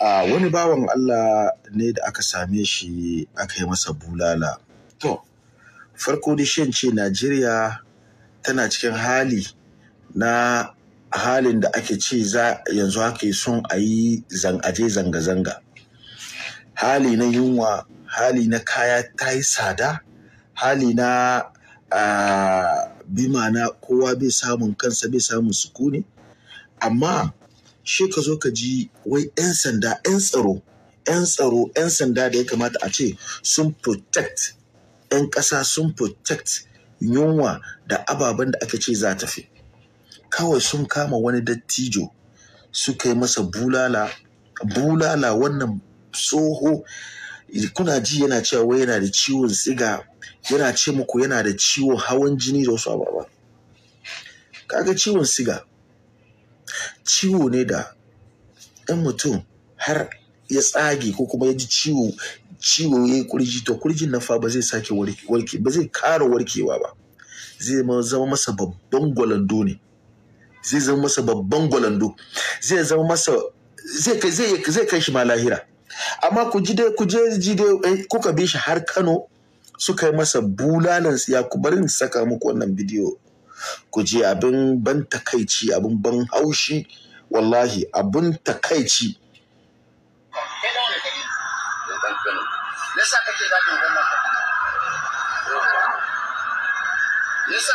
wani bawan Allah ne da aka same shi aka yi masa bulala to farko da shan ce Najeriya tana cikin hali na halin da ake ce za yanzu haka son a yi aje zanga-zanga hali na yunwa hali na kaya ta yi tsada hali na bima na kowa bai samun kansa bai samun sukuni amma shi ka zo ka ji wai 'yan sanda 'yan tsaro 'yan tsaro 'yan sanda da ya kamata a ce sun protect 'yan ƙasa sun protect yunwa da ababen da aka ce za ta fi kawai sun kama wani dattijo suka kai masa bulala bulala wannan tsoho kuna ji yana cewa wai yana da ciwon siga yana ce muku yana da ciwon hawan jini da wasu ababa kaga ciwon siga ciwo ne da ɗan mutum har ya tsage ko kuma ya ji ciwo ciwo ya yi kurji to kurjin nan fa ba zai sake warke ba zai kara warkewa ba zai zama masa babban gwalando ne zai zama masa babban gwalando zai zama masa zai kai zai zai kai shi ma lahira amma ku ji dai ku je ji dai eh, kuka bi shi har Kano suka yi masa bulalan ya ku bari saka muku wannan bidiyo ku ji abin ban takaici abin ban haushi wallahi abin takaici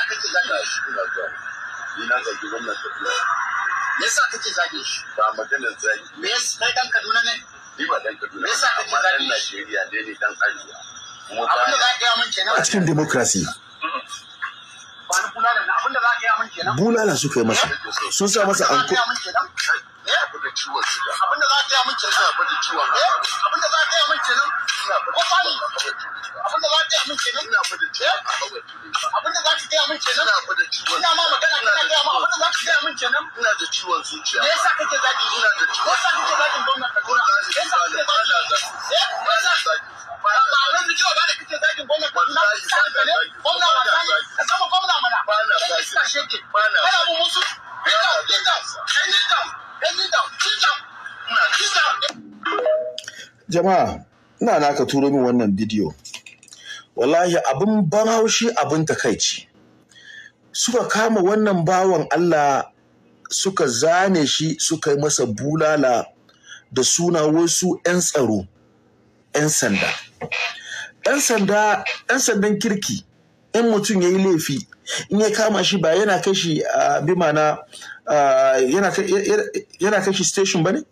kake zage shi me yasa dan Kaduna ne ni ba dan Kaduna kake shi Najeriya ne ni ka mun kenan a cikin demokrasi bulala suka yi masa eh? sun sa masa anko Ina da ciwon suga. Abin da za ka yi min kenan. Ina da ciwon hawan eh, Abin da za ka yi min kenan. Ina da ciwon hawan Abin da za ka yi min kenan. Ina da ciwon eh, Abin da za ka yi min kenan. Ina da ciwon. Ina ma magana kana ga ma abin da za ka yi min kenan. Ina da ciwon zuciya. Me yasa kake zagi? Ina da ciwon. Me yasa kake zagin gwamnati Kaduna? Me yasa kake zagi? Eh, me yasa zagi? Ba ba wai bidiyo ba da kake zagin gwamnati Kaduna. Gwamna wa zagi. Ka zama gwamna mana. Ba na zagi. Kai iska shege. Ba na. musu. Dinga, dinga. Kai dinga. Jama'a, ina naka turo min wannan bidiyo. Wallahi abin ban haushi abin takaici. Suka kama wannan bawan Allah suka zane shi suka yi masa bulala da suna wasu 'yan tsaro, 'yan sanda. 'Yan sanda, 'yan sandan kirki, in mutum ya yi laifi, in ya kama shi ba yana kai shi a ah, bimana Ah, yana kai shi station ba ne?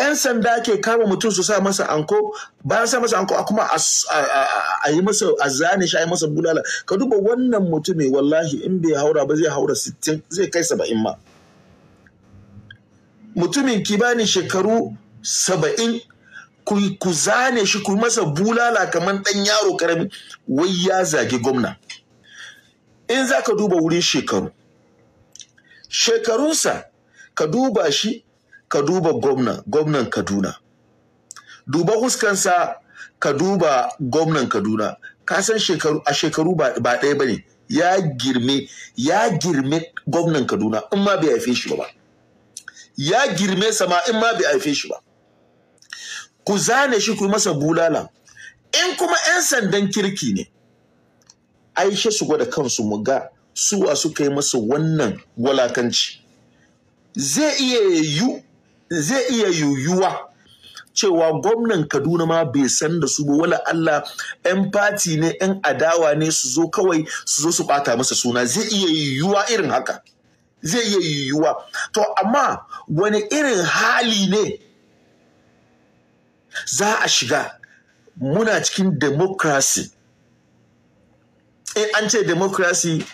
'yan sanda ke kama mutum su sa masa anko bayan sa masa anko a kuma a yi masa a zane shi a yi masa bulala ka duba wannan mutumin wallahi in bai haura ba zai haura sittin, zai kai 70 ma mutumin bani shekaru saba'in, ku zane shi ku masa bulala kamar ɗan yaro karami wai ya zagi gwamna in za ka duba wurin shekaru shekarunsa ka duba shi ka duba gwamna gwamnan kaduna duba huskansa ka duba gwamnan kaduna ka san shekaru a shekaru ba ɗaya ba ne ya girme ya girme gwamnan kaduna in ma bai haife shi ba ya girme sama in ma bai haife shi ba ku zane shi ku masa bulala in kuma 'yan sandan kirki ne aisha su gwada kansu mu ga Su a suka yi masa wannan walakanci zai iya yuyuwa yiwuwa cewa gwamnan kaduna ma bai san da su ba wala Allah 'yan fati ne 'yan adawa ne su zo kawai su zo su bata masa suna zai iya yiwuwa irin haka zai iya yiwuwa to amma wani irin hali ne za a shiga muna cikin demokrasi? in eh, an ce demokrasi.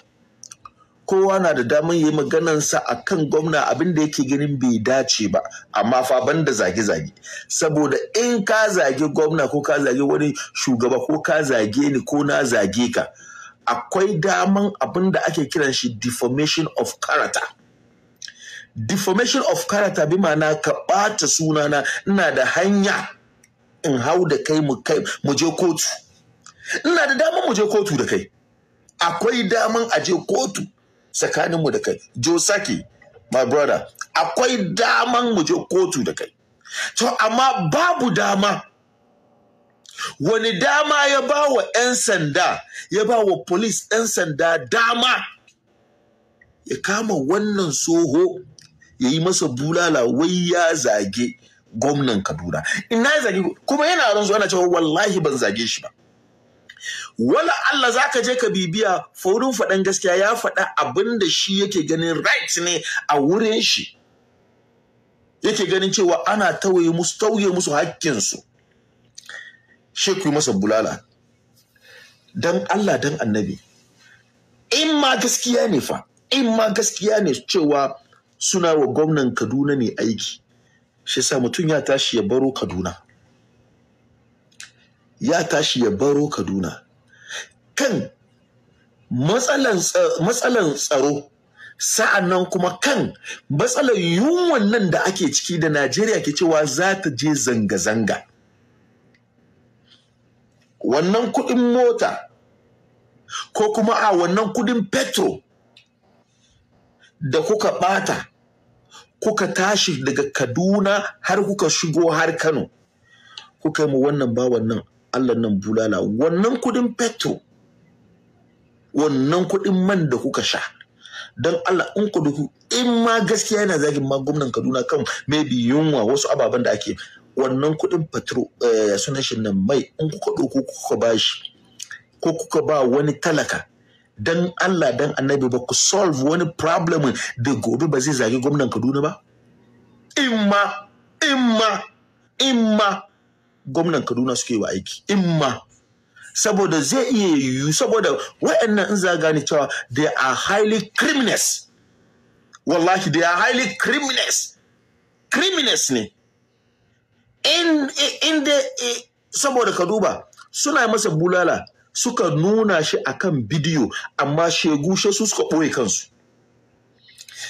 kowa na da damar yi maganansa a kan gwamna abinda yake ganin bai dace ba amma fa ban da zage-zage saboda in ka zage gwamna ko ka zage wani shugaba ko ka zage ni ko na zage ka akwai daman abinda ake kiran shi deformation of character deformation of character bi na ka ɓata sunana ina da hanya in hau da kai mu je kotu ina da damar mu je kotu da kai akwai daman a je kotu tsakaninmu da kai josaki my brother akwai daman mu je kotu da kai to amma babu dama wani dama ya ba wa 'yan sanda ya ba wa polis 'yan sanda dama ya kama wannan soho ya yi masa bulala wai ya zage gwamnan kaduna ina zage kuma yana ranzu ana cewa wallahi ban zage shi ba wala Allah za ka je ka bibiya faurin faɗan gaskiya ya faɗa abin da shi yake ganin right ne a wurin shi yake ganin cewa ana tauye musu tauye musu hakkinsu shi ku masa bulala dan Allah dan annabi in ma gaskiya ne fa in ma gaskiya ne cewa suna wa gwamnan Kaduna ne aiki shi sa mutum ya tashi ya baro Kaduna ya tashi ya baro Kaduna kan matsalan tsaro nan kuma kan matsalar yunwan nan da ake ciki da Najeriya ke cewa za ta je zanga-zanga. Wannan kuɗin mota ko kuma a wannan kuɗin petro da kuka ɓata kuka tashi daga Kaduna har kuka shigo har Kano kuka yi mu wannan ba wannan, Allah nan bulala wannan kuɗin petro wannan kuɗin man da kuka sha don Allah in ku duku in ma gaskiya yana zagin ma gwamnan Kaduna kan maybe yunwa wasu ababen da ake wannan kuɗin patro eh, sunan shi nan mai in kuka ɗauko kuka ba shi ko kuka ba wani talaka don Allah don annabi ba ku solve wani problem da gobe ba zai zagi gwamnan Kaduna ba in ma in ma in ma gwamnan Kaduna suke wa aiki in ma saboda zai iya yiwu saboda waɗannan in za gane cewa they are highly criminals wallahi they are highly criminals criminals ne in in da eh, saboda ka duba suna masa bulala suka nuna shi akan bidiyo amma shegu she su suka ɓoye kansu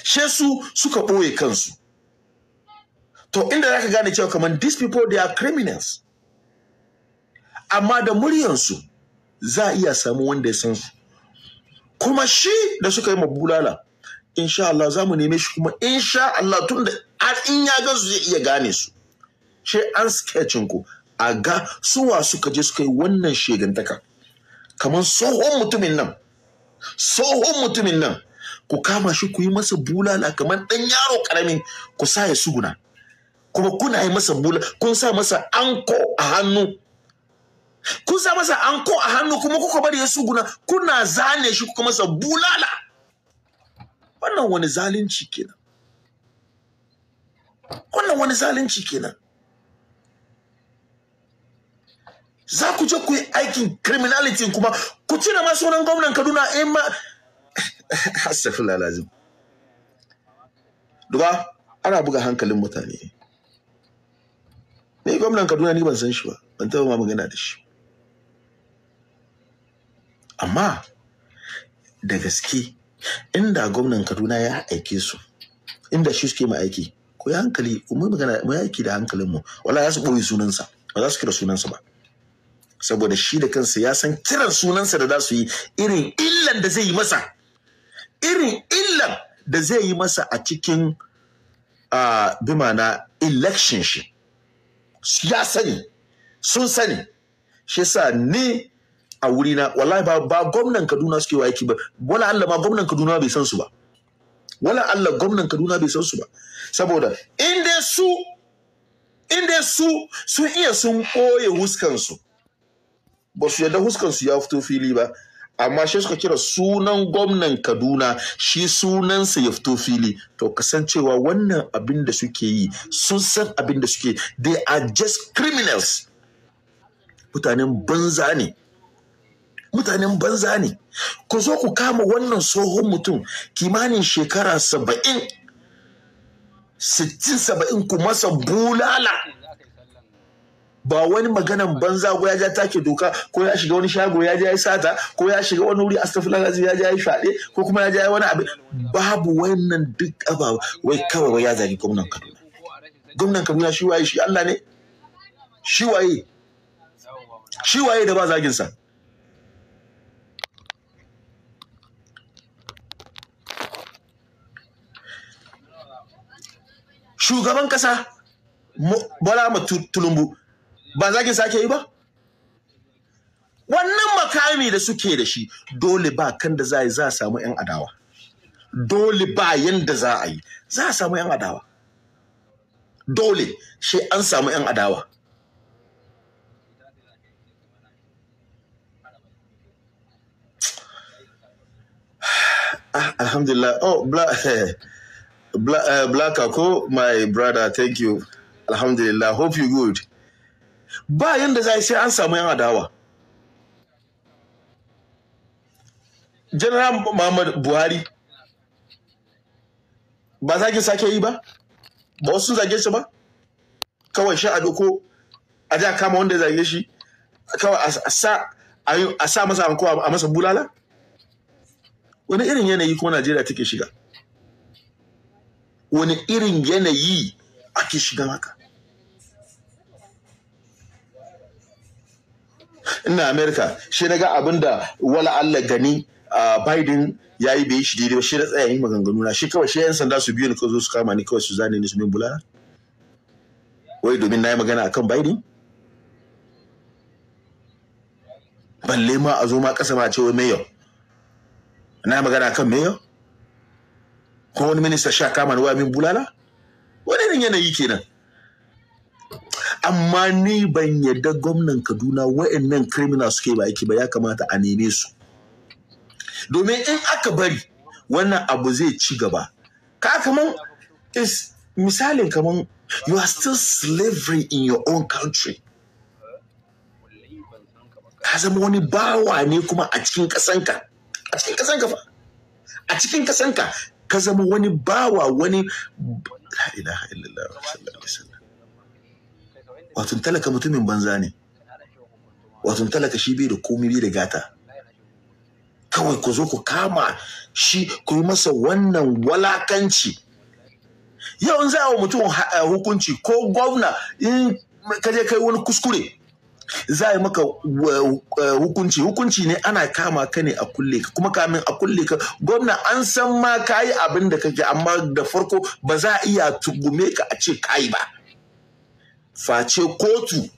she su suka ɓoye kansu to inda zaka gane cewa kaman these people they are criminals amma da muryansu za a iya samu wanda ya san su kuma shi da suka yi mabulala insha Allah za mu neme shi kuma insha Allah tun da har in ya ga su zai iya gane su shi an sketchin ku a ga suwa suka je suka yi wannan shegantaka kamar tsohon mutumin nan tsohon mutumin nan ku kama shi ku yi masa bulala kamar ɗan yaro ƙaramin ku sa ya suguna kuma kuna yi masa bulala kun sa masa anko a hannu kun sa masa anko a hannu kuma kuka bari ya suguna kuna zane shi kuka masa bulala wannan wani zalunci kenan wannan wani zalunci kenan za ku je ku yi aikin criminality kuma ku cire ma sunan gwamnan Kaduna in ma astaghfirullah lazim duba ana buga hankalin mutane ni gwamnan Kaduna ni ban san shi ba ban taɓa ma magana da shi amma da gaske inda gwamnan kaduna ya aike su inda shi suke aiki ko ya hankali mu magana mu aiki da hankalinmu wala za su ɓoye sunansa ba za su kira sunansa ba saboda shi da kansa ya san kiran sunansa da za su yi irin illan da zai yi masa irin illan da zai yi masa a cikin bima na election shi ya sani sun sani shi sa ni a wurina wallahi ba, ba gwamnan kaduna suke wa aiki ba wala allah ma gwamnan kaduna bai san su ba wala allah gwamnan kaduna bai san su ba saboda in dai su in dai su sun iya sun huskan su ba su yadda huskan su ya fito fili ba amma shi suka kira sunan gwamnan kaduna shi sunansa ya fito fili to kasancewa wannan abin da suke yi sun san abin da suke they are just criminals mutanen banza ne mutanen banza ne ku zo ku kama wannan tsohon mutum kimanin shekara saba'in sittin saba'in ku masa bulala ba wani maganan banza ko ya ja take doka ko ya shiga wani shago ya ja ya sata ko ya shiga wani wuri astaghfirullah ya ja ya fade ko kuma ya ja wani abin babu wannan duk ababa wai kawai ya zagi gwamnan Kaduna gwamnan Kaduna shi waye shi Allah ne shi waye shi waye da ba zagin sa shugaban kasa Bala ma tulumbu ba zagin sake yi ba wannan makami da suke da shi dole ba kan da za yi za a samu yan adawa dole ba yanda za a yi za a samu yan adawa dole shi an samu yan adawa ah, alhamdulillah oh blah Bla, uh, eh, Black Ako, my brother, thank you. Alhamdulillah, hope you good. Ba yanda za sai an samu yan adawa. General Muhammad Buhari ba ki sake yi ba? Ba wasu zage shi ba? Kawai sha a doko a ja kama wanda ya zage shi, kawai a sa masa a masa bulala? Wani irin yanayi ko Najeriya take shiga? wani irin yanayi ake shiga maka ina amerika shi na ga abin da wala allah gani biden ya yi bai shi daidai ba shi na tsaye yin maganganu na shi kawai shi yan sanda su biyu ne kawai su kama ni kawai su zane ni su min bulala wai domin na yi magana akan biden balle ma a zo ma kasa ma ce wai mayor na yi magana akan mayor ko wani minista sha kama na min bulala wani irin yanayi kenan amma ni ban yadda gwamnan kaduna wa'annan criminal suke ba aiki ba ya kamata a neme su domin in aka bari wannan abu zai ci gaba ka kaman is misalin kaman you are still slavery in your own country ka zama wani bawa ne kuma a cikin kasanka a cikin kasanka fa a cikin kasanka ka zama wani bawa wani la ilaha illallah sallallahu alaihi wasallam wato talaka mutumin banza ne wato talaka shi bai da komai bai da gata kawai ku zo ku kama shi ku yi masa wannan walakanci yau za a wa mutum eh, hukunci ko gwamna in kaje kai wani kuskure za a yi maka eh, eh, hukunci hukunci ne ana kama ka ne a kulle ka kuma kamin a kulle ka gwamna an san ma ka yi abin da kake amma da farko ba za a iya tugume ka a ce yi ba face kotu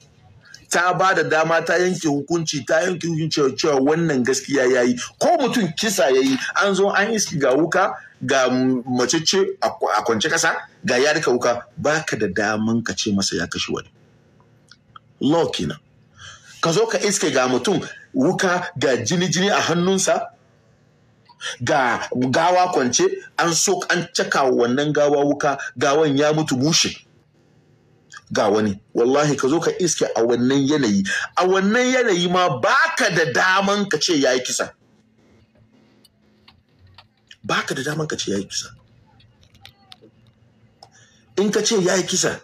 ta ba da dama ta yanke hukunci ta yanke hukunci cewa wannan gaskiya ya yi ko mutum kisa ya yi an zo an iski ga wuka ga macece a kwance kasa ga yarka wuka Ba ka da daman ka ce masa ya kashe wani law kenan ka zo ka iske ga mutum wuka ga jini-jini a hannunsa ga gawa kwance an so an caka wannan gawa wuka gawan ya mutu bushe ga wani wallahi ka zo ka iske a wannan yanayi a wannan yanayi ma baka da daman ka ce ya yi kisa baka da daman ka ce ya yi kisa in ka ce ya yi kisa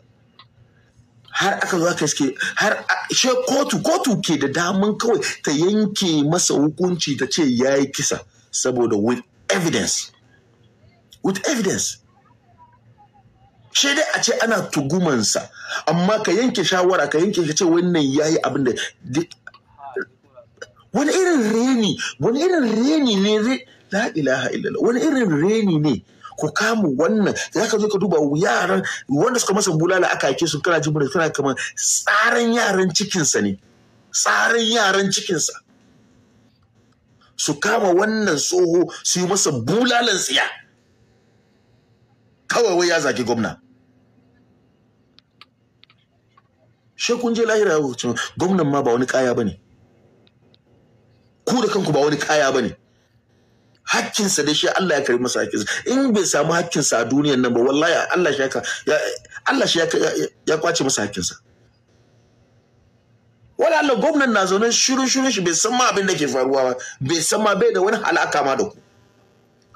har aka zo aka iske har she kotu kotu ke da daman kawai ta yanke masa hukunci ta ce ya yi kisa saboda with evidence with evidence shaidai dai a ce ana tugumansa amma ka yanke shawara ka yanke ka ce wannan ya yi abin da wani irin reni wani irin reni ne la ilaha illallah wani irin reni ne ku kamu wannan za ka zo ka duba yaran wanda suka masa bulala aka ake su kana jin kana kamar tsaran yaran cikinsa ne tsaran yaran cikinsa su kama wannan tsoho su yi masa bulalan tsiya kawai wai ya zaki gwamna kun je lahira gwamnan ma ba wani kaya ba ne ku da kanku ba wani kaya ba ne hakkinsa da shi Allah ya karbi masa hakkinsa in bai samu hakkinsa a duniyan nan ba wallahi Allah shi ya Allah shi ya kwace masa hakkinsa wala Allah gwamnan na zaune shiru shiru shi bai san ma abin da ke faruwa ba bai san ma bai da wani alaka ma da ku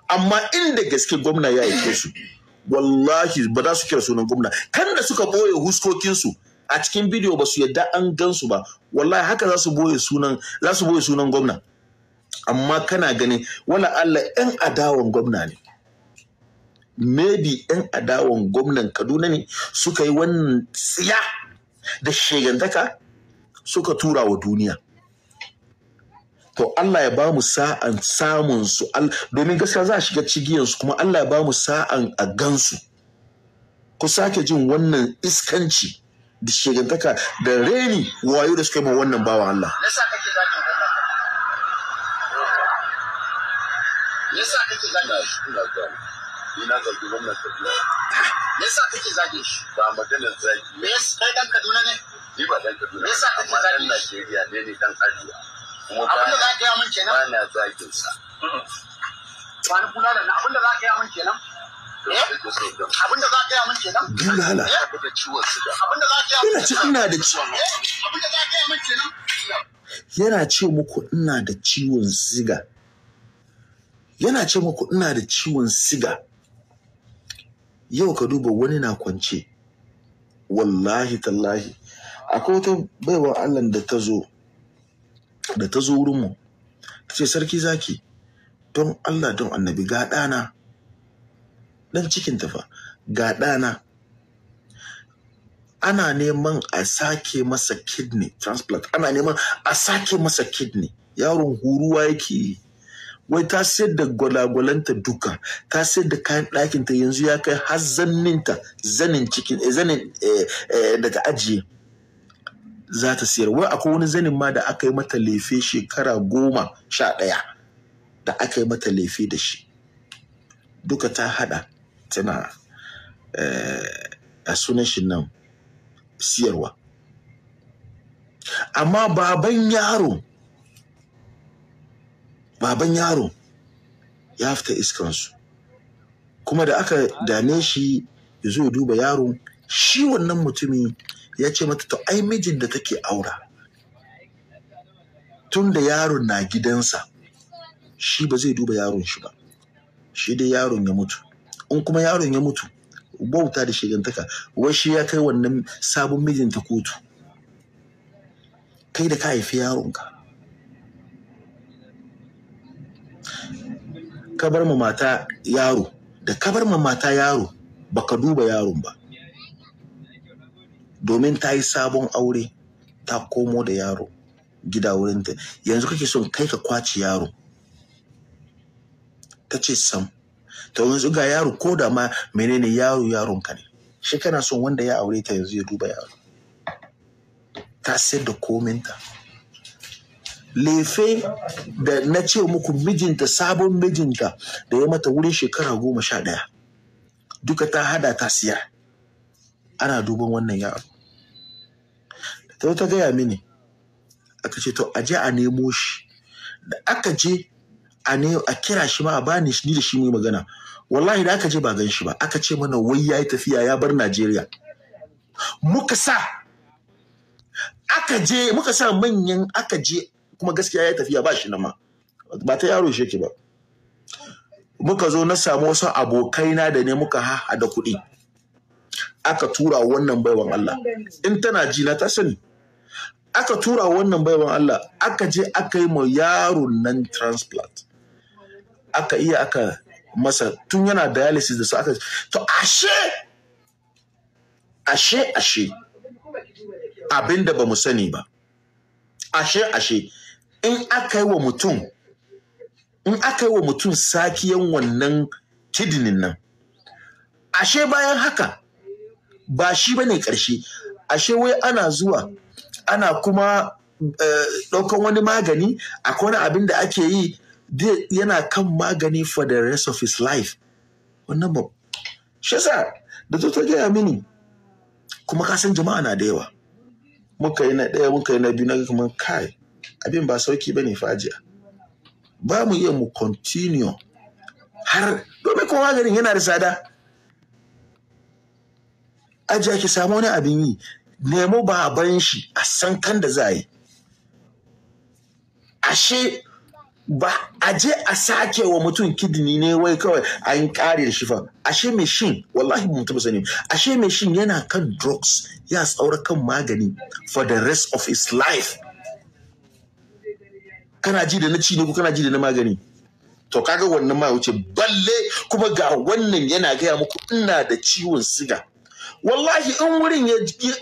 amma inda gaske gwamna ya aike su wallahi ba za su kira sunan gwamna kan da suka boye huskokinsu a cikin bidiyo ba su yadda an su ba wallahi haka za su boye sunan za su boye sunan gwamna amma kana ganin wala Allah yan adawan gwamna ne maybe yan adawan gwamnan Kaduna ne suka yi wannan tsiya da shegantaka suka tura wa duniya to Allah ya ba mu sa'an samun su domin gaskiya za a shiga cigiyansu kuma Allah ya ba mu sa'an a gansu ku sake jin wannan iskanci da shegantaka da reni wayo da suka yi ma wannan bawa Allah. yasa kake zage ina zage ni na zage gwamnan Kaduna yasa kake zage shi ba magana zage me yasa kai dan Kaduna ne ni ba dan Kaduna yasa kake zage shi Najeriya ne ne dan Arewa kuma ba abinda zaka yi min kenan ba na zage sa ba ni kula da abinda zaka yi min kenan eh? abinda za ka yi kenan bulala eh? da ciwon suga abinda za ka yi kenan ina da ciwon eh? abinda za ka yi kenan yana ce muku ina da ciwon siga yana ce muku ina da ciwon siga yau ka duba wani na kwance wallahi tallahi akwai wata baiwa Allah da ta zo da ta wurinmu ta ce sarki zaki don Allah don annabi ga ɗana ɗan cikin tafa ga ɗana ana neman a sake masa kidney transplant ana neman a sake masa kidney yaron huruwa yake yi. wai ta sayar da gwalagwalanta duka ta sayar da kayan ɗakinta yanzu ya kai har zanninta zanin cikin eh, zanin eh, eh, daga ajiye za ta sayar wai akwai wani zanin ma da aka yi mata lefe shekara goma sha ɗaya da aka yi mata lefe da shi duka ta hada tana a sunan shi nan siyarwa amma baban yaro baban yaro ya fita iskansu kuma da aka dame shi ya zo duba yaro shi wannan mutumi ya ce mata to ai mijin da take aura tun da yaron na gidansa shi ba zai duba yaron shi ba shi dai yaron ya mutu in kuma yaron ya mutu bauta da shigantaka wai shi ya kai wannan sabon mijinta kotu kai da ka haifi yaronka ka bar ma mata yaro da kabar ma mata yaro baka duba yaron ba domin ta yi sabon aure ta komo da yaro gida wurinta yanzu kake son kai ka kwaci yaro ta ce sam ta yanzu ga yaro ko da ma menene yaro yaron ka ne shi kana son wanda ya aure ta yanzu ya duba yaro ta sayar da kominta lefe da na ce muku mijinta sabon mijinta da ya mata wurin shekara goma sha ɗaya duka ta hada ta siya ana duban wannan yaro ta ta gaya mini aka ce to aje a nemo shi da aka je a ne a kira shi ma a bani ni da shi mai magana wallahi da aka je ba gan shi ba aka ce mana wai ya yi tafiya ya bar Najeriya muka sa aka je muka sa manyan aka je kuma gaskiya ya tafiya ba shi na ba ta yaro shi ba muka zo na samu wasu abokaina da ne muka haha da kuɗi aka tura wannan baiwan Allah in tana ji na ta sani aka tura wannan baiwan Allah aka je aka yi ma yaro nan transplant aka iya aka masa tun yana dialysis da su aka to ashe ashe ashe abinda ba mu sani ba ashe ashe in aka yi wa mutum in aka yi wa mutum sakiyan wannan kidinin nan ashe bayan haka ba shi bane karshe ashe wai ana zuwa ana kuma eh, ɗaukan wani magani akwai wani abin da ake yi yana kan magani for the rest of his life wannan ba shi sa da zuwa gaya mini kuma kasan jama'a na da yawa muka yi na ɗaya muka yi na biyu na kuma kai abin ba sauki ba ne fajiya ba mu iya mu continue har domin kowa maganin yana da tsada ajiya ki samu wani abin yi nemo baban shi a san kan da za a yi ashe ba a je a sake wa mutum kidini ne wai kawai an kare da shi fa ashe mai shin wallahi mutum sani ashe mai shin yana kan drugs ya tsaura kan magani for the rest of his life kana ji da na ci ne ko kana ji da na magani to kaga wannan ma wuce balle kuma ga wannan yana gaya muku ina da ciwon siga wallahi in wurin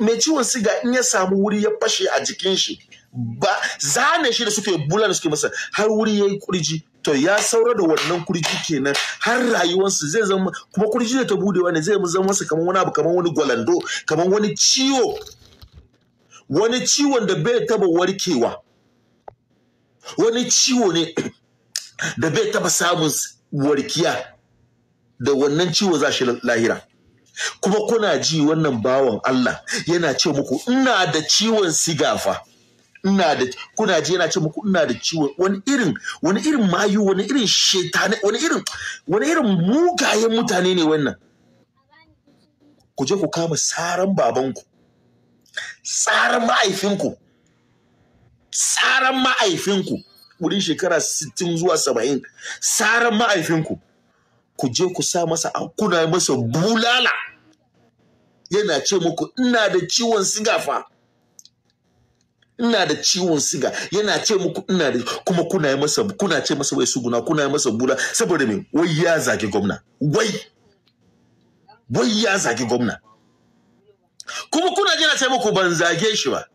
mai ciwon siga in ya samu wuri ya fashe a jikin shi ba zane shi da suke bulan suke masa har wuri ya yi kurji to ya saura da wannan kurji kenan har rayuwarsu zai zama kuma kurji da ta budewa ne zai zama masa kamar wani abu kamar wani gwalando kamar wani ciwo wani ciwon da bai taba warkewa wani ciwo ne da bai taba samun warkiya da wannan ciwo za shi lahira kuma kuna ji wannan bawan Allah yana ce muku ina da ciwon sigafa?" ina da kuna ji yana ce muku ina da ciwon wani irin wani irin mayu wani irin shetane wani irin wani irin mugayen mutane ne wannan ku je ku kama saran babanku saran ma'aifinku tsaran ma'aifinku wurin shekara 60 zuwa 70 tsaran ma'aifinku ku je ku sa masa kuna masa bulala yana ce muku ina da ciwon siga fa ina da ciwon siga yana ce muku ina da kuma kuna yi masa kuna ce masa wai suguna kuna yi masa bula saboda me wai ya zage gwamna wai wai ya zage gwamna kuma kuna jira ce muku ban zage shi ba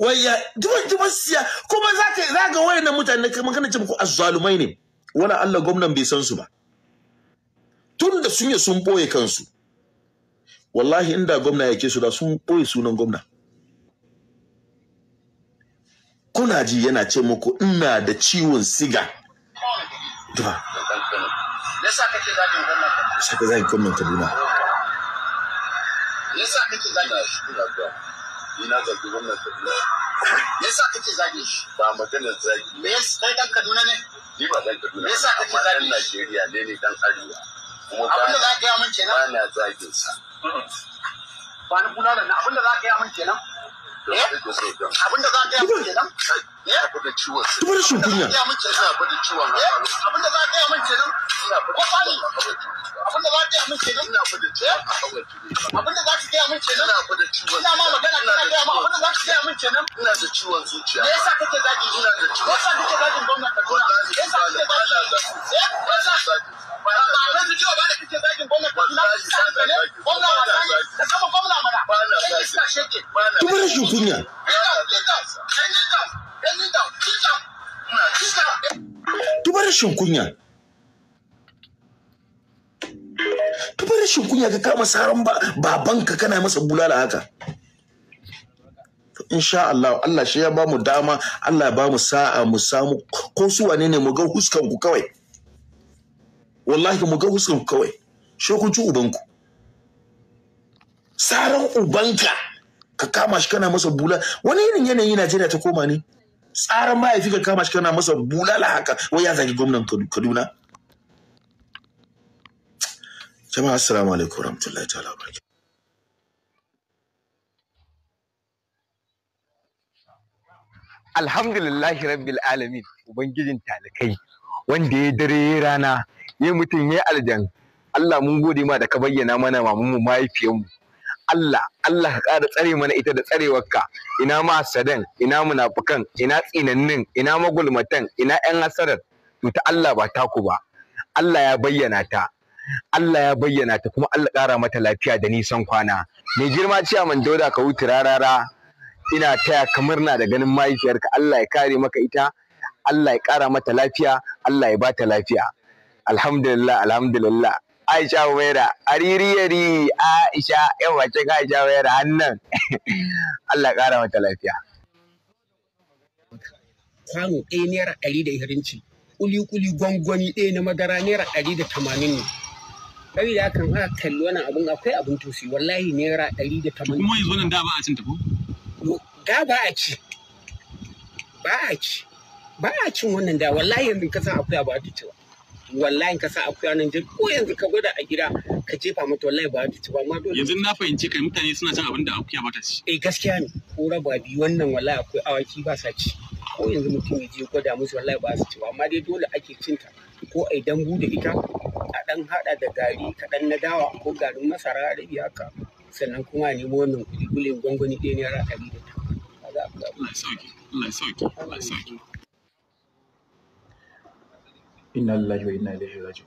waya duban duban siya kuma zaka waya na mutane kamar magana ce muku azzalumai ne wala Allah gwamnan bai san su ba tun da sun yi sun boye kansu wallahi inda gwamna yake su da sun boye sunan gwamna kuna ji yana ce muku ina da ciwon siga duba yasa kake zagin gwamnan Kaduna yasa kake zagin gwamnan Kaduna yasa kake zagin gwamnan ni ga zargi gwamnan kaduna me yasa kake zagi shi ba maganar zagi me yasa kai dan kaduna ne ni ba dan kaduna me yasa kake zagi shi Najeriya ne ne dan arewa kuma abin da za ka yi min kenan ba na zagin sa ba ni kula da abin da za ka yi mun kenan eh? abin da za ka yi mun kenan yarda da ciwon kunya ya mun kenan yarda da ciwon abin da za ka yi ne gwamnati kunya Duba rashin kunya. Duba rashin kunya ka kama saran babanka kana masa bulala haka. Insha Allah, Allah shi ya ba mu dama, Allah ya ba mu sa'a mu samu ko su wane ne mu ga huskan ku kawai. Wallahi mu ga huskan ku kawai. Shi kun ci ubanku. Saran ubanka ka kama shi kana masa bula wani irin yanayi Najeriya ta koma ne? Tsarin mahaifi ka kama shi kana masa bulala haka wai ya zagi gwamnan Kaduna jama'a assalamu alaikum warahmatullahi ta'ala barakatuh alhamdulillahi rabbil alamin ubangijin talikai wanda ya dare rana ya mutum ya aljan Allah mun gode ma da ka bayyana mana mamanmu mu Allah Allah ka ƙara tsare mana ita da tsarewarka ina ma sadan ina munafukan ina tsinannin ina magulmatan ina ƴan hasarar to ta Allah ba taku ba Allah ya bayyana ta Allah ya bayyana ta kuma Allah ƙara mata lafiya da nisan kwana mai girma ciya man dauda ka wuce rarara ina taya kamar na da ganin mahaifiyarka Allah ya kare maka ita Allah ya ƙara mata lafiya Allah ya ba ta lafiya alhamdulillah alhamdulillah Aisha Umaira riri yari Aisha yan wacce ka Aisha Umaira hannan Allah ƙara mata lafiya kwano ɗaya naira ɗari da hirinci kuli-kuli gwangwani ɗaya na madara naira ɗari da tamanin ne rabi da kan haka kalli wannan abin akwai abin tosi wallahi naira ɗari da tamanin kuma yanzu nan da ba a cin tafi da ba a ci ba a ci ba a cin wannan da wallahi yanzu kasan akwai abu a cewa wallahi ka sa akuya nan jin ko yanzu ka gwada a gida ka jefa mata wallahi ba ta ci ba amma dole yanzu na fahimci kai mutane suna cin abin da akuya ba ta ci eh gaskiya ne ko raba biyu wannan wallahi akwai awaki ba sa ci ko yanzu mutum ya je gwada musu wallahi ba su ci ba amma dai dole ake cinta ko a dambu da ita a dan hada da gari kaɗan na dawa ko garin masara da biya ka? sannan kuma a nemo wannan kulikuli gwangwani ɗaya ne ɗari da ta. Allah ya sauke, Allah ya sauke, Allah ya sauke. inna lillahi wa inna ilaihi raji'un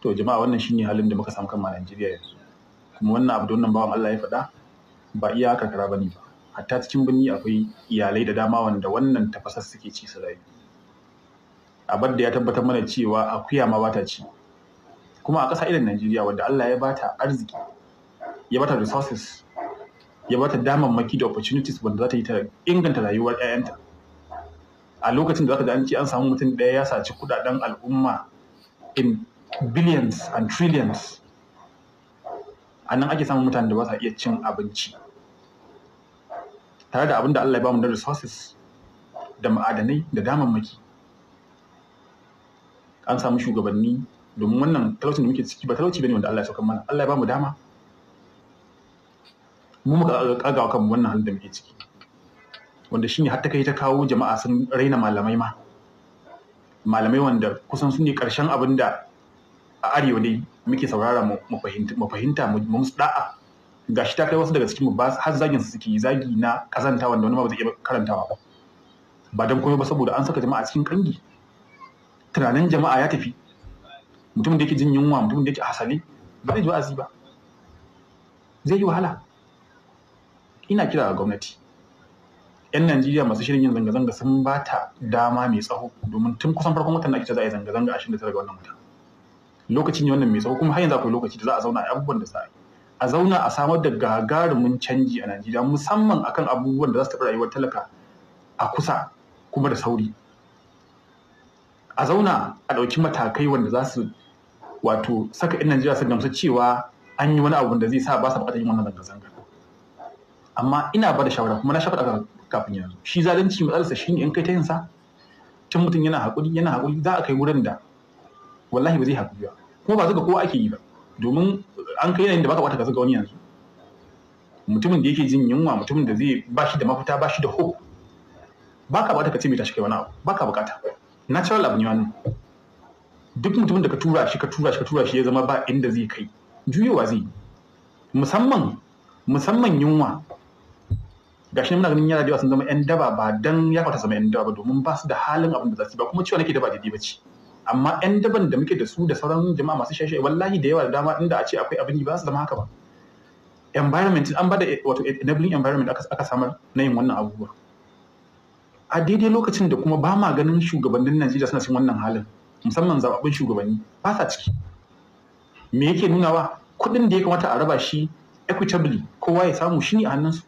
to jama'a wannan shine halin da muka samu kan Najeriya yanzu kuma wannan abu wannan bawan Allah ya faɗa ba iya haka kara bane ba hatta cikin birni akwai iyalai da dama wanda wannan tafasar suke ci su rayu abar da ya tabbatar mana cewa akuya ma bata ci kuma a ƙasa irin Najeriya wanda Allah ya bata arziki ya bata resources ya bata damammaki da opportunities wanda za ta yi ta inganta rayuwar 'ya'yanta a lokacin da aka ji an ce an samu mutum ɗaya ya saci kudaden al'umma in billions and trillions a nan ake samun mutane da ba sa iya cin abinci tare da abin da Allah ya bamu da resources da ma'adanai da damammaki an samu shugabanni domin wannan talaucin da muke ciki ba talauci bane wanda Allah ya saukar mana Allah ya bamu dama mu muka kagawa kan wannan halin da muke ciki wanda shine har ta kai ta kawo jama'a sun raina malamai ma malamai wanda kusan su ne karshen abin da a arewa ne muke saurara mu fahimta mu da'a shi ta kai wasu daga cikin mu ba har zagin suke zagi na kazanta wanda wani ma ba zai iya karantawa ba ba dan komai ba saboda an saka jama'a cikin kangi tunanin jama'a ya tafi mutum da yake jin yunwa mutum da yake hasali ba zai ji wa'azi ba zai yi wahala ina kira ga gwamnati 'yan Najeriya masu shirin yin zanga-zanga sun ba ta dama mai tsaho domin tun kusan farkon watan da ake za a yi zanga-zanga 29 ga wannan watan. Lokacin ne wannan mai tsaho kuma har yanzu akwai lokaci da za a zauna a abubuwan da za a yi. A zauna a samar da gagarumin canji a Najeriya musamman akan abubuwan da za su taɓa rayuwar talaka a kusa kuma da sauri. A zauna a ɗauki matakai wanda za su wato saka 'yan Najeriya su gamsu cewa an yi wani abu da zai sa ba sa buƙatar yin wannan zanga-zanga. Amma ina ba da shawara kuma na shafa kafin yanzu shi zalunci matsalarsa ne in kai ta sa tun mutum yana haƙuri yana haƙuri za a kai wurin da wallahi ba zai haƙuri ba kuma ba zuga kowa ake yi ba domin an kai yanayin da baka bata ka zuga wani yanzu mutumin da yake jin yunwa mutumin da zai ba shi da mafita ba shi da hope baka bata ka ce mai tashi kai wani abu baka bukata natural abu ne wani duk mutumin da ka tura shi ka tura shi ka tura shi ya zama ba inda zai kai juyowa zai musamman musamman yunwa gashi muna ganin yara da yawa zama yan daba ba dan ya fata zama yan daba ba domin ba su da halin abin da za su ba kuma cewa nake daba daidai ba ce amma yan daban da muke da su da sauran jama'a masu shashe wallahi da yawa da dama inda a ce akwai abin yi ba su zama haka ba environment an ba da wato enabling environment aka samar na yin wannan abubuwa a daidai lokacin da kuma ba ma ganin shugabannin Najeriya suna cikin wannan halin musamman zababbun shugabanni ba sa ciki me yake nunawa kuɗin da ya kamata a raba shi equitably kowa ya samu shi ne a hannunsu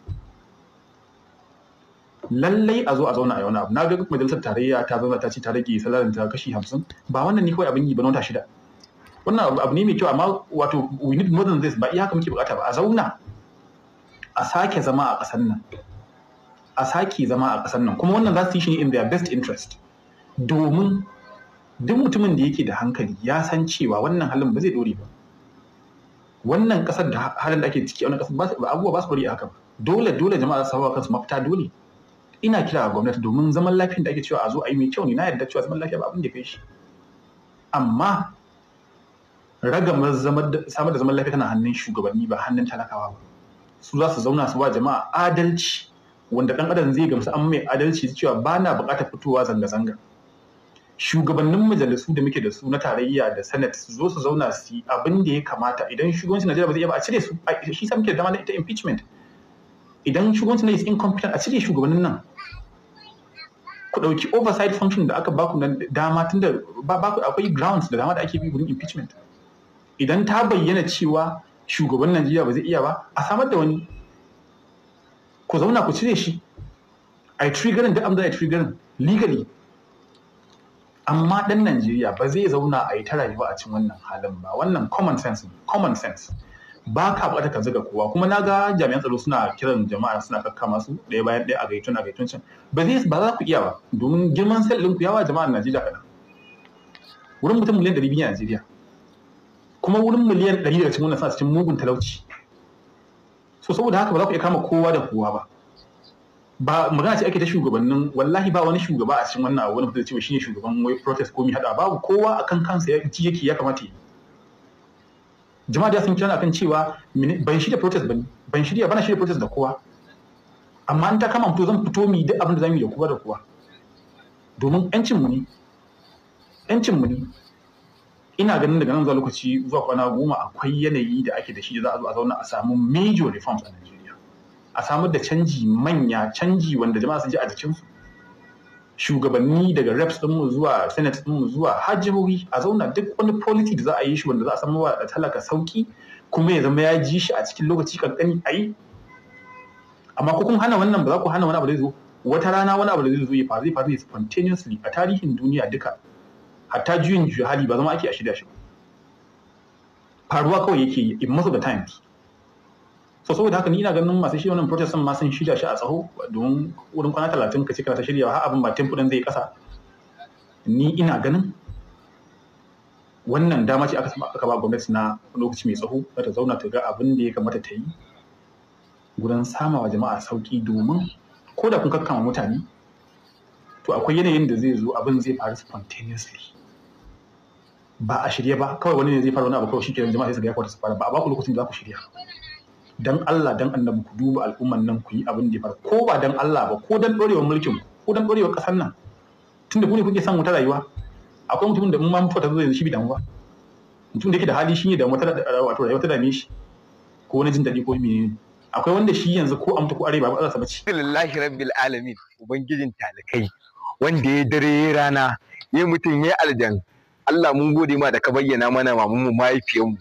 lallai a zo a zauna a wani abu na ga majalisar tarayya ta zama ta ce ta rage salarin ta kashi hamsin ba wannan ne kawai abin yi ba nota shida wannan abu ne mai kyau amma wato we need more than this ba iya haka muke bukata ba a zauna a sake zama a ƙasar nan a sake zama a ƙasar nan kuma wannan za su yi shi ne in their best interest domin duk mutumin da yake da hankali ya san cewa wannan halin ba zai dore ba wannan ƙasar da halin da ake ciki a wannan ƙasar abubuwa ba su bari a haka ba dole dole jama'a za su hawa kansu mafita dole ina kira a gwamnati domin zaman lafiyan da ake cewa a zo a yi mai kyau ne na yarda cewa zaman lafiya ba abin da kai shi amma ragamar samar da zaman lafiya tana hannun shugabanni ba hannun talakawa ba su za su zauna su ba jama'a adalci wanda dan adam zai gamsu an mai adalci cewa ba na buƙatar fitowa zanga-zanga shugabannin majalisu da muke da su na tarayya da senate su zo su zauna su yi abin da ya kamata idan shugabancin najeriya ba zai iya ba a cire su shi sa muke da dama na ita impeachment idan shugabancin najeriya is incompetent a cire shugabannin nan ku ɗauki oversight function da aka baku nan dama tunda ba baku akwai grounds da dama da ake bi gurin impeachment idan ta bayyana cewa shugaban Najeriya ba zai iya ba a samar da wani ku zauna ku cire shi a triggerin duk amda a triggerin legally amma dan Najeriya ba zai zauna a yi ta rayuwa a cikin wannan halin ba wannan common sense common sense ba ka buƙatar ka ga kowa kuma na ga jami'an tsaro suna kiran jama'a suna kakka masu ɗaya bayan ɗaya a gaitun a gaitun can ba zai ba za ku iya ba domin girman sel ɗin ku yawa jama'ar Najeriya kaɗan wurin mutum miliyan ɗari biyu a Najeriya kuma wurin miliyan ɗari daga cikin wannan suna cikin mugun talauci so saboda haka ba za ku iya kama kowa da kowa ba ba magana ce ake ta shugabannin wallahi ba wani shugaba a cikin wannan wani mutum da cewa shine shugaban wai protest ko mi hada babu kowa akan kansa ya yake ya kamata jama'a da sun kira kan cewa ban shirya protest bane ban shirya bana shirya protest da kowa amma an ta kama mutu zan fito mi duk abin da zamu yi da kowa da kowa domin yancin mu ne yancin mu ne ina ganin daga nan zuwa lokaci zuwa kwana goma akwai yanayi da ake da shi da za a zo a zauna a samu major reforms a Najeriya a samar da canji manya canji wanda jama'a sun ji a jikinsu shugabanni daga reps mu zuwa senate mu zuwa hajjibobi a zauna duk wani policy da za a yi shi wanda za a samu wa da talaka sauki kuma ya zama ya ji shi a cikin lokaci kankani a yi amma ko kun hana wannan ba za ku hana wani abu da zo wata rana wani abu da zai zo ya faru zai faru spontaneously a tarihin duniya duka hatta juyin juhali hali ba zama ake a shida shi ba. faruwa kawai yake in most of the times so saboda haka ni ina ganin masu shirya wannan protest ma sun shirya shi a tsaho domin wurin kwana talatin ka ce kana ta shirya har abin ba tempo din zai kasa ni ina ganin wannan dama ce aka aka ba gwamnati na lokaci mai tsaho ta zauna ta ga abin da ya kamata ta yi gurin samawa jama'a sauki domin ko da kun kakkama mutane to akwai yanayin da zai zo abin zai faru spontaneously ba a shirye ba kawai wani ne zai fara wani abu kawai shi ke jama'a sai su ga ya kwata su fara ba a ba ku lokacin da za ku shirya dan Allah dan annabi ku duba al'umman nan ku yi abin da bar ko ba dan Allah ba ko dan dorewar mulkin ko dan dorewar kasar nan tunda ku ne kuke san wata rayuwa akwai mutumin da mun ma mutuwa ta zo yanzu shi bi damuwa. ba mutum da yake da hali shi ne da wata wato rayuwa ta dame shi ko wani jin daɗi ko menene akwai wanda shi yanzu ko amta ko arewa ba za su bace lillahi rabbil alamin ubangijin talakai, wanda ya dare rana ya mutum ya aljan Allah mun gode ma da ka bayyana mana mu mamanmu mu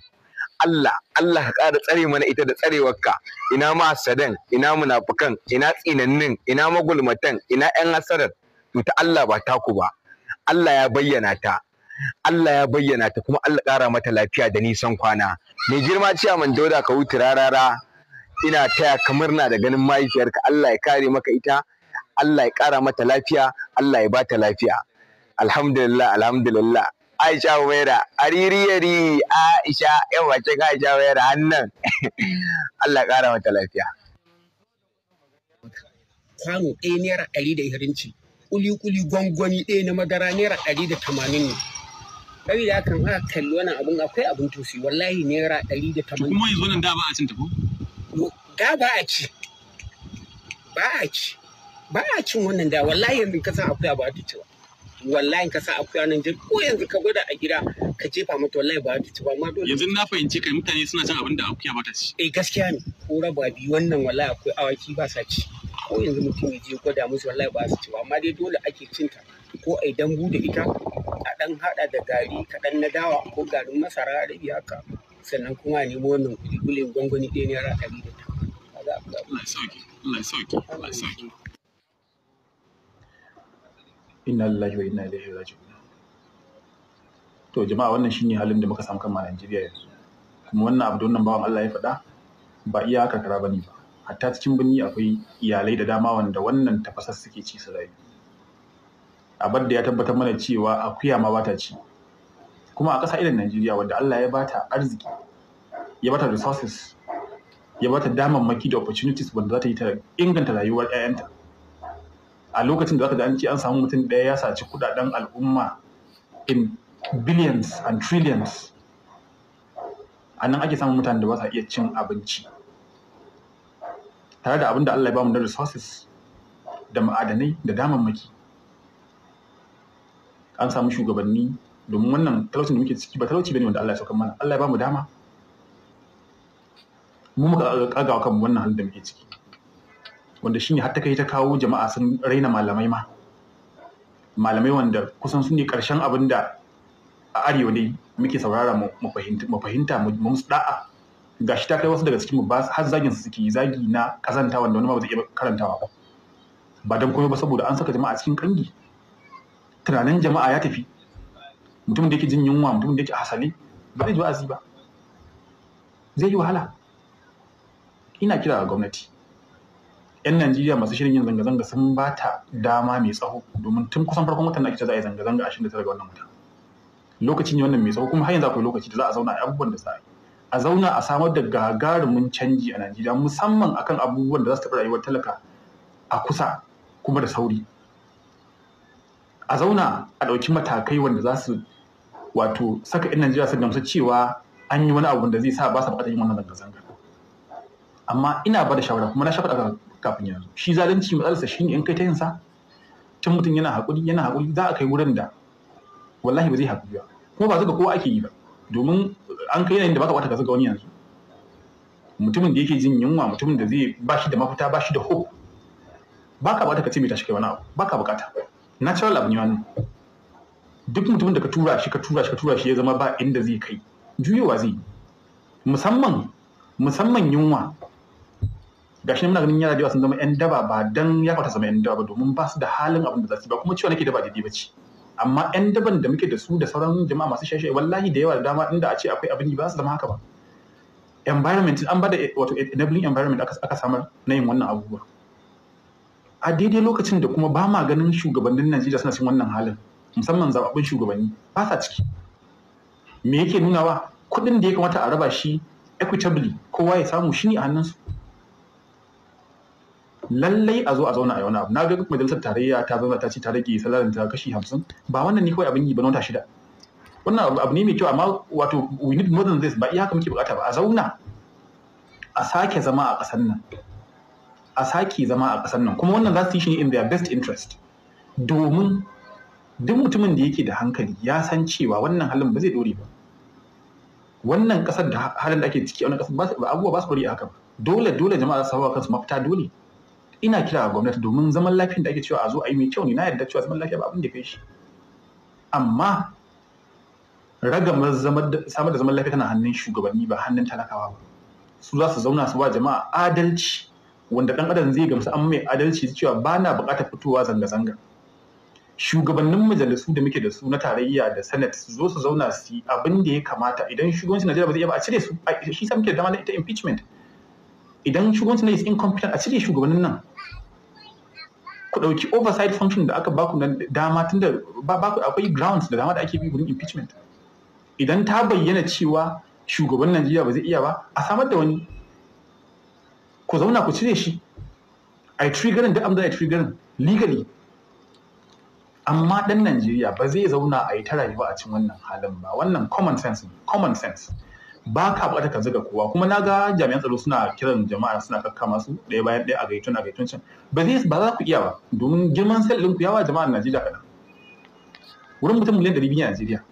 Allah Allah ka ƙara tsare mana ita da tsarewarka ina ma sadan ina munafukan ina tsinannin ina magulmatan ina ƴan hasarar to ta Allah ba taku ba Allah ya bayyana ta Allah ya bayyana ta kuma Allah ƙara mata lafiya da nisan kwana mai girma ciya man dauda ka wuce rarara ina taya kamar na da ganin mahaifiyarka Allah ya kare maka ita Allah ya ƙara mata lafiya Allah ya ba ta lafiya alhamdulillah alhamdulillah Aisha Umaira ariri yari Aisha yan wace ka Aisha Umaira hannan Allah ƙara mata lafiya kwano ɗaya naira ɗari da hirinci kuli-kuli gwangwani ɗaya na madara naira ɗari da tamanin ne saboda kan aka kalli wannan abin akwai abin tosi wallahi naira ɗari da tamanin kuma yanzu nan da ba a cin tafi da ba a ci ba a ci ba a cin wannan da wallahi yanzu kasan akwai abu a cewa wallahi ka sa akuya nan jin ko yanzu ka gwada a gida ka jefa mata wallahi ba ta ci ba amma dole yanzu na fahimci kai mutane suna cin abin da akuya ba ta ci eh gaskiya ne ko raba biyu wannan wallahi akwai awaki ba sa ci ko yanzu mutum ya je gwada musu wallahi ba su ci ba amma dai dole ake cinta ko a yi dambu da ita a dan hada da gari kaɗan na dawa ko garin masara rabi haka sannan kuma a nemo wannan kulikulin gwangwani ɗaya raka ɗari da ta. Allah ya sauke, Allah ya sauke, Allah ya sauke. inna lillahi wa inna ilaihi raji'un to jama'a wannan shine halin da muka samu kan a Najeriya yanzu kuma wannan abu da wannan bawan Allah ya faɗa ba iya haka kara bane ba hatta cikin birni akwai iyalai da dama wanda wannan tafasar suke ci su rayu abar da ya tabbatar mana cewa akuya ma bata ci kuma a ƙasa irin Najeriya wanda Allah ya bata arziki ya bata resources ya bata damammaki da opportunities wanda za ta yi ta inganta rayuwar 'ya'yanta a lokacin da aka ji an ce an samu mutum ɗaya ya saci kudaden al'umma in billions and trillions a nan ake samun mutane da ba sa iya cin abinci tare da abin da Allah ya bamu da resources da ma'adanai da damammaki an samu shugabanni domin wannan talaucin da muke ciki ba talauci bane wanda Allah ya saukar mana Allah ya bamu dama mu muka kaga kan wannan halin da muke ciki wanda shi har ta kai ta kawo jama'a sun raina malamai ma malamai wanda kusan su ne ƙarshen abin da a arewa ne muke saurara mu fahimta mu musu da'a gashi ta kai wasu daga cikin mu ba har zagin su suke zagi na kazanta wanda wani ma ba zai iya karantawa ba ba dan komai ba saboda an saka jama'a cikin kangi tunanin jama'a ya tafi mutum da yake jin yunwa mutum da yake hasali ba zai ji wa'azi ba zai yi wahala ina kira ga gwamnati 'yan Najeriya masu shirin yin zanga-zanga sun ba ta dama mai tsaho domin tun kusan farkon watan da ake za a yi zanga-zanga 29 ga wannan wata. Lokacin ne wannan mai tsaho kuma har yanzu akwai lokaci da za a zauna a abubuwan da za a yi. A zauna a samar da gagarumin canji a Najeriya musamman akan abubuwan da za su taɓa rayuwar talaka a kusa kuma da sauri. A zauna a ɗauki matakai wanda za su wato saka 'yan Najeriya su gamsu cewa an yi wani abu da zai sa ba su buƙatar yin wannan zanga-zanga. Amma ina ba da shawara kuma na shafa kafin yanzu shi zalunci matsalarsa shi ne in kai ta yin sa tun mutum yana haƙuri yana haƙuri za a kai wurin da wallahi ba zai haƙuri ba kuma ba zuga kowa ake yi ba domin an kai yanayin da baka wata ka zuga wani yanzu mutumin da yake jin yunwa mutumin da zai ba shi da mafita ba shi da hope baka bata ka ce mai tashi kai wani abu baka bukata natural abu ne wani duk mutumin da ka tura shi ka tura shi ka tura shi ya zama ba inda zai kai juyowa zai musamman musamman yunwa gashi muna ganin yara da yawa sun zama yan daba ba dan ya kawata zama yan daba ba domin ba su da halin abin da za su ba kuma cewa nake daba daidai ba ce amma yan daban da muke da su da sauran jama'a masu shashe wallahi da yawa da dama inda a ce akwai abin yi ba su zama haka ba environment an da wato enabling environment aka samar na yin wannan abubuwa a daidai lokacin da kuma ba ma ganin shugabannin Najeriya suna cikin wannan halin musamman zababbun shugabanni ba sa ciki me yake nunawa kuɗin da ya kamata a raba shi equitably kowa ya samu shi ne a hannunsu lallai a zo a zauna a wani abu na ga majalisar tarayya ta zama ta ce ta rage salarin ta kashi hamsin ba wannan ne kawai abin yi ba nota shida wannan abu ne mai kyau amma wato we need more than this ba iya haka muke bukata ba a zauna a sake zama a ƙasar nan a sake zama a ƙasar nan kuma wannan za su yi shi ne in their best interest domin duk mutumin da yake da hankali ya san cewa wannan halin ba zai dore ba wannan ƙasar da halin da ake ciki a wannan ƙasar abubuwa ba su bari a haka ba dole dole jama'a za su hawa kansu mafita dole ina kira ga gwamnati domin zaman lafiyan da ake cewa a zo a yi mai kyau ne na yarda cewa zaman lafiya ba abin da ya shi amma ragamar samar da zaman lafiya tana hannun shugabanni ba hannun talakawa ba su za su zauna su ba jama'a adalci wanda dan adam zai gamsu an mai adalci cewa ba na buƙatar fitowa zanga-zanga shugabannin majalisu da muke da su na tarayya da senate su zo su zauna su yi abin da ya kamata idan shugabancin najeriya ba zai iya ba a cire su shi sa muke da dama na ita impeachment idan shugabancin najeriya is incompetent a cire shugabannin nan ku ɗauki oversight function da aka baku dama tunda ba baku akwai grounds da dama da ake bi wurin impeachment idan ta bayyana cewa shugaban Najeriya ba zai iya ba a samar da wani ku zauna ku cire shi a yi triggering duk amda a yi triggering legally amma ɗan Najeriya ba zai zauna a yi ta rayuwa a cikin wannan halin ba wannan common sense common sense ba ka buƙatar ka zaga kowa kuma na ga jami'an tsaro suna kiran jama'a suna kakkama su ɗaya bayan ɗaya a gaitun a gaitun can ba zai ba za ku iya ba domin girman sel ɗin ku yawa jama'ar Najeriya kaɗan wurin mutum miliyan ɗari biyu a Najeriya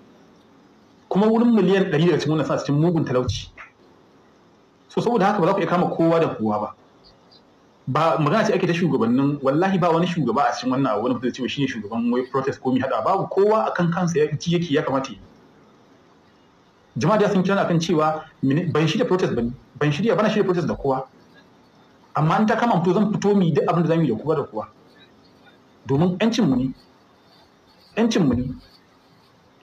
kuma wurin miliyan ɗari daga cikin wannan suna cikin mugun talauci so saboda haka ba za ku iya kama kowa da kowa ba ba magana ce ake ta shugabannin wallahi ba wani shugaba a cikin wannan wani mutum da cewa shine shugaban wai protest ko mi hada babu kowa akan kansa ya ci yake ya kamata yi jama'a da sun kira kan cewa ban shirya protest ba ban shirya bana shirya protest da kowa amma in ta kama mutu zan fito mi duk abin da zamu yi da kowa da kowa domin yancin mu ne yancin mu ne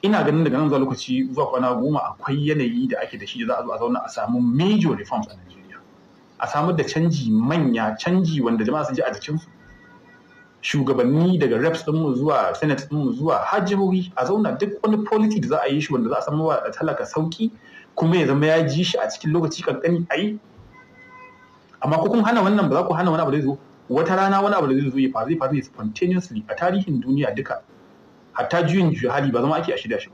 ina ganin daga nan zuwa lokaci zuwa kwana goma akwai yanayi da ake da shi da za a zo a zauna a samu major reforms a Najeriya a samar da canji manya canji wanda jama'a sun ji a jikinsu shugabanni daga reps din mu zuwa senate din mu zuwa hajjibobi a zauna duk wani policy da za a yi shi wanda za a samu wa talaka sauki kuma ya zama ya ji shi a cikin lokaci kankani a yi amma ko kun hana wannan ba za ku hana wani abu da zo wata rana wani abu da zai zo ya faru ya faru spontaneously a tarihin duniya duka hatta juyin juya hali ba zama ake a shida shi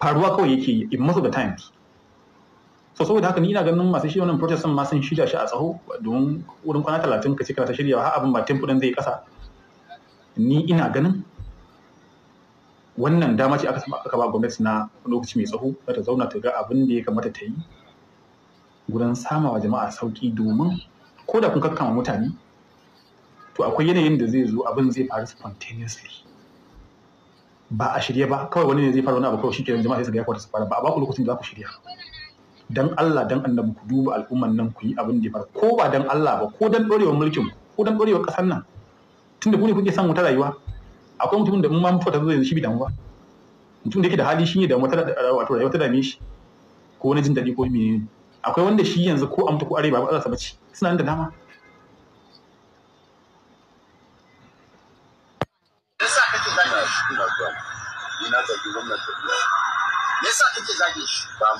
faruwa kawai yake in most of the times so saboda haka ni ina ganin masu shi wannan protest ma sun shirya shi a tsaho domin wurin kwana talatin ka ce kana ta shirya har abin ba tempo din zai kasa ni ina ganin wannan dama ce aka aka ba gwamnati na lokaci mai tsaho za ta zauna ta ga abin da ya kamata ta yi gurin samawa jama'a sauki domin ko da kun kakkama mutane to akwai yanayin da zai zo abin zai faru spontaneously ba a shirye ba kawai wani ne zai fara wani abu kawai shi kenan jama'a sai su ga ya kwata su fara ba a ba ku lokacin da za ku shirya dan Allah dan annabi ku duba al'umman nan ku yi abin da bar ko ba dan Allah ba ko dan dorewar mulkin ko dan dorewar kasar nan tunda ku ne kuke san wata rayuwa akwai mutumin da mun ma mutuwa ta zo yanzu shi bi damuwa mutum da yake da hali shine da wata wato rayuwa ta dame shi ko wani jin daɗi ko menene akwai wanda shi yanzu ko amta ko arewa ba za su bace suna da dama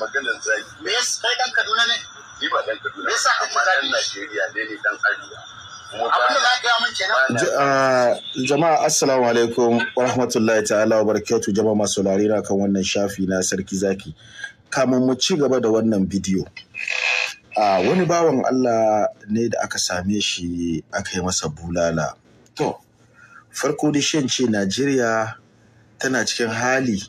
maganar zaki. Me yasa kai dan Kaduna ne? Ni ba dan Kaduna. Me yasa ne ni dan Arewa. Ah, jama'a assalamu alaikum wa rahmatullahi ta'ala wa barakatuh jama'a masu larira kan wannan shafi na sarki zaki. Kamun mu ci gaba da wannan bidiyo. Ah, wani bawan Allah ne da aka same shi aka yi masa bulala. To, farko da shan ce Najeriya tana cikin hali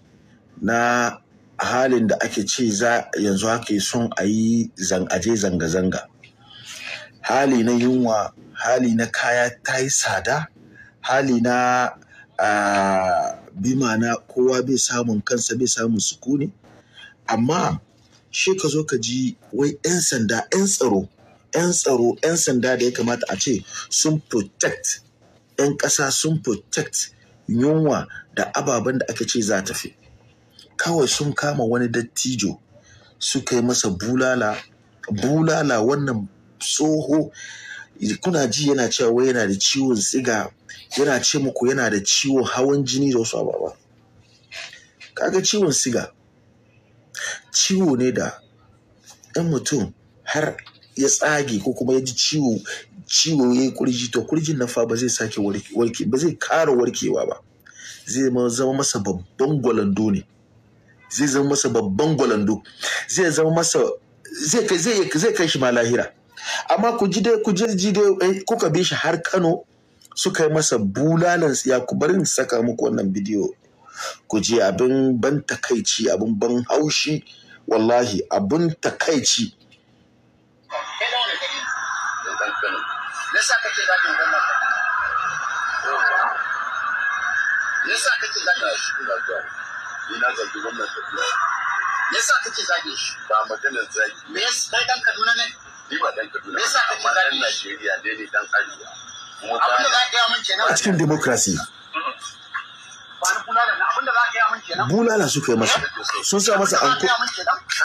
na A halin da ake ce za yanzu haka son a yi aje zanga-zanga hali na yunwa hali na kaya ta yi tsada hali na bima na kowa bai samun kansa bai samun sukuni amma shi ka zo ka ji wai 'yan sanda 'yan tsaro 'yan tsaro 'yan sanda da ya kamata a ce sun protect 'yan ƙasa sun protect yunwa da ababen da aka ce za ta fi kawai sun kama wani dattijo suka yi masa bulala bulala wannan tsoho kuna ji yana cewa wai yana da ciwon tsiga yana ce muku yana da ciwon hawan jini da wasu ababa kaga ciwon siga ciwo ne da 'yan mutum har ya tsage ko kuma ya ji ciwo ciwo ya yi kurji to kurjin na fa ba zai sake warke ba zai kara warkewa ba zai zama masa babban gwalando ne zai zama masa babban gwalandu zai zama masa zai kai zai zai kai shi ma lahira amma ku ji dai ku ji dai eh, kuka bi shi har Kano suka yi masa bulalan ya ku bari saka muku wannan bidiyo ku ji abin ban takaici abin ban haushi wallahi abin takaici Me yasa kake zaka shi ina na zargi wannan tafiya me yasa kake zage shi ba maganar zagi me yasa kai dan Kaduna ne ni ba dan Kaduna me yasa kake zage shi Najeriya ne ni dan Arewa abin da za ka yi min kenan a cikin demokrasi. bulala suka yi masa sun sa masa anko